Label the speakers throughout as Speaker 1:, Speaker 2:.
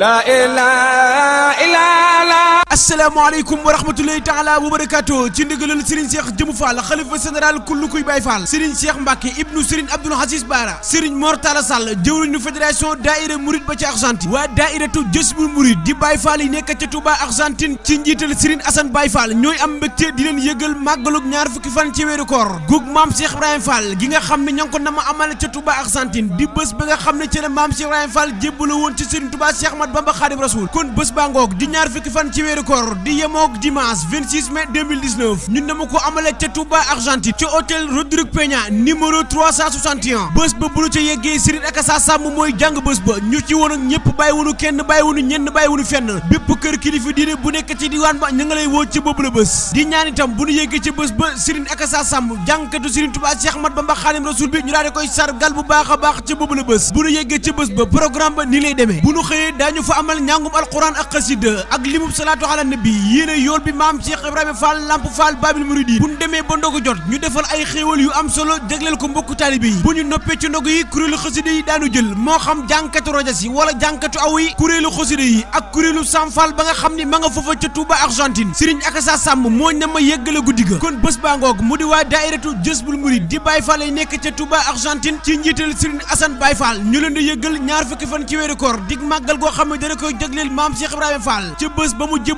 Speaker 1: La ilaha illa asalaamaaleykum wa rahmatulahi taala wa barakaatu ci ndigalul Serigne Cheikh Jëmu Fall xalifa général kullu kuy Baye Fall Serigne Cheikh Mbacke ibnu Serigne Abdoul Aziz Bara Serigne Mor Talla Sall jëwriñu fédération daaira Mouride ba ci Argentine waa daairatu Jazbul Mouride di Baye Fall yi nekk ca Touba Argentine ci njiital Serigne Assane Baye Fall ñooy am mbégte di leen yëgal màggalug ñaar fukki fan ci weeru koor guug maam Cheikh Ibrahima Fall gi nga xam ne ña ngi ko nama amal ca Touba Argentine di bés ba nga xam ne ci la maam Cheikh Ibrahima woon ci Serigne Touba Cheikh Ahmad Bamba Khadim kon bés baa ngoog di ñaar fukki fan ci weeru encore di yemook dimanche 26 mai 2019 ñun ko amale ca Touba Argentine ca hôtel Rodrigue Peña numéro 361 bés ba bu la ca yeggee Sëriñ ak sàmm mooy jàng bés ba ñu ci woon ak bàyyi wunu kenn bàyyi wunu ñenn bàyyi wunu fenn bépp kër kilifa diine bu nekk ci diwaan ba ñu nga lay woo ci boobu di ñaan itam bu ñu yeggee ci bés ba Sëriñ ak sa sàmm jàngkatu Sëriñ Touba Cheikh Ahmad Bamba Rasul bi ñu daal di koy sargal bu baax a baax ci boobu la bés bu ñu yeggee ci bés ba programme ba ni lay demee bu ñu xëyee daañu fa amal ñàngum ala nabi yéen a yool bi maam Cheikh Ibrahima Fall Lamp Fall Babil Mouridine bu ñu ba ndogu jot ñu defal ay xéewal yu am solo jagleel ko mbokku taalibe yi bu ñu noppee ci ndogu yi kuréelu xasida yi daanu jël moo xam jànkatu rajas yi wala jànkatu aw yi kuréelu xasida yi ak kuréelu Samfal ba nga xam ne ma nga foofa ca Touba Argentine Serigne Akassa Samb moo ne ma yëggale guddi ga kon bés baa ngoog mu di waa daairatu Jësbul Murid di Baye Fall yi nekk ca Touba Argentine ci njiital Serigne Assane Baye Fall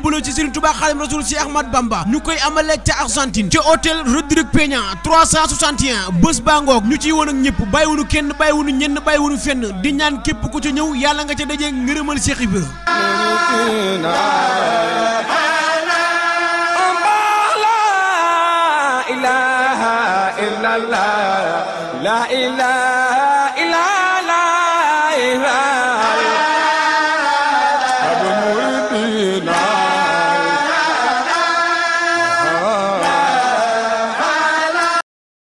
Speaker 1: jébbaloo ci Serigne Touba Xaadimu Rasuul si Ahmad Bamba ñu koy amalee ca Argentine ci hôtel Rodrigue Peña 361 bés baa ngoog ñu ciy woon ak ñëpp bàyyiwunu kenn bàyyiwunu ñenn bàyyiwunu fenn di ñaan képp ku ca ñëw yàlla nga ca dajee ngërëmal Cheikh Ibra la ilaha